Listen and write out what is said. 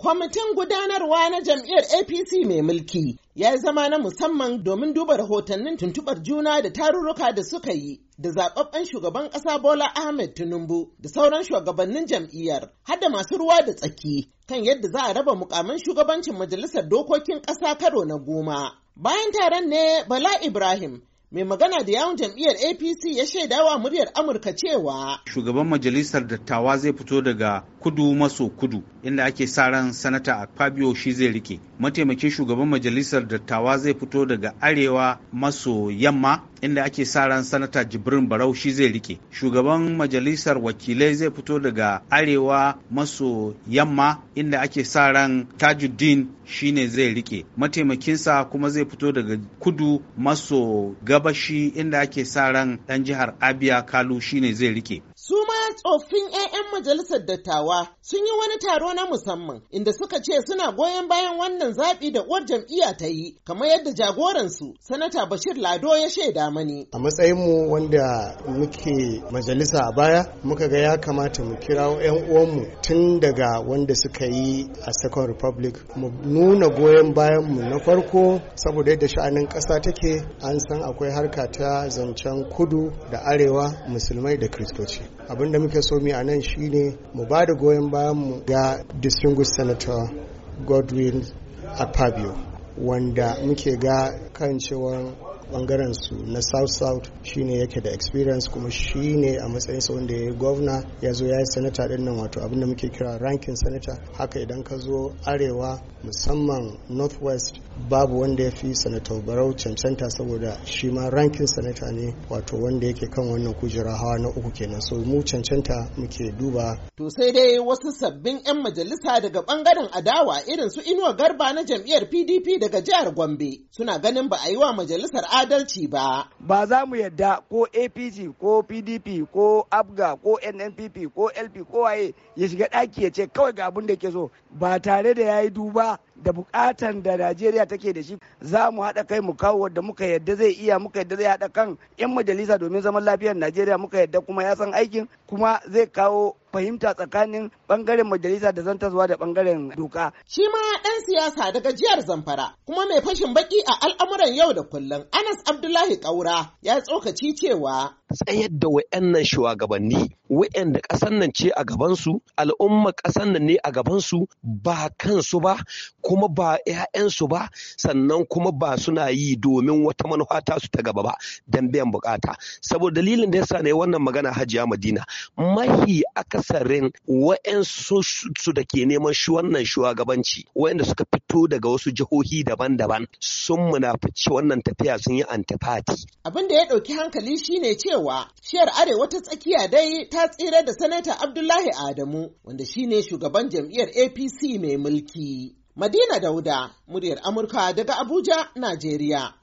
Kwamitin gudanarwa na jam'iyyar APC mai mulki ya yi zama na musamman domin duba rahotannin tuntubar juna da tarurruka da suka yi da zababben shugaban ƙasa Bola Ahmed Tinubu da sauran shugabannin jam'iyyar hada masu ruwa da tsaki kan yadda za a raba mukamin shugabancin majalisar dokokin ƙasa karo na goma. Bayan taron ne Bala Ibrahim mai magana da yawun jam'iyyar apc ya shaida wa muryar amurka cewa shugaban majalisar dattawa zai fito daga kudu maso kudu inda ake sa ran sanata a fabio shi zai rike mataimakin shugaban majalisar dattawa zai fito daga arewa maso yamma inda ake sa ran sanata jibrin barau shi zai rike shugaban majalisar wakilai zai fito daga arewa maso yamma inda ake sa ran tajuddin shine zai rike mataimakinsa kuma zai fito daga kudu maso gabashi inda ake sa ran dan jihar abia kalu shine zai rike Ƙungiyar 'ya'yan majalisar dattawa sun yi wani taro na musamman inda suka ce suna goyon bayan wannan zaɓi da uwar jam'iyya ta yi kamar yadda jagoransu sanata Bashir Lado ya shaida mani. A matsayinmu wanda muke majalisa a baya muka ga ya kamata mu kira 'yan uwanmu tun daga wanda suka yi a Second Republic mu nuna goyon bayanmu na farko saboda yadda sha'anin ƙasa take an san akwai harka ta zancen kudu da arewa musulmai da kiristoci abinda muke so mu a nan shine mu ba da goyon bayan mu ga distinguished senator godwin akpabio wanda muke ga kan cewa bangaren su na south south shine yake da experience kuma shine a matsayin sa wanda ya yi gwamna ya zo ya yi sanata din nan wato abinda muke kira rankin sanata haka idan ka zo arewa musamman northwest babu wanda ya fi senator barau cancanta saboda shi ma rankin sanata ne wato wanda yake kan wannan kujera hawa na uku kenan so mu cancanta muke duba to sai dai wasu sabbin 'yan majalisa daga bangaren adawa irin su inuwa garba na jam'iyyar pdp daga jihar gombe suna ganin ba a yi wa majalisar adalci ba. Ba za mu yadda ko APC ko PDP ko ABGA ko NNPP ko LP ko waye ya shiga ɗaki ya ce kawai ga abin da ke so ba tare da ya yi duba da bukatan da Najeriya take da shi za mu haɗa kai mu kawo wadda muka yadda zai iya muka yadda zai haɗa kan 'yan majalisa domin zaman lafiyar Najeriya muka yadda kuma ya san aikin kuma zai kawo fahimta tsakanin bangaren majalisa da zuwa da bangaren doka. Shi ma ɗan siyasa daga jihar Zamfara kuma mai fashin baki a al'amuran yau da kullum Anas Abdullahi Kaura ya tsokaci cewa tsayar da wayannan shugabanni wayanda ƙasar nan ce a gabansu al'umma ƙasar nan ne a gabansu ba kansu ba kuma ba 'ya'yansu ba sannan kuma ba suna yi domin wata manufa ta su ta gaba ba don biyan bukata saboda dalilin da yasa ne wannan magana hajiya madina mahi akasarin wayansu su da ke neman shi wannan shugabanci wayanda suka fito daga wasu jihohi daban-daban sun munafici wannan tafiya sun yi antifati abin da ya ɗauki hankali shine cewa cewa shiyar arewa ta tsakiya dai ta tsira da sanata Abdullahi Adamu wanda shine shugaban jam'iyyar APC mai mulki. Madina Dauda, muryar Amurka daga Abuja, Najeriya.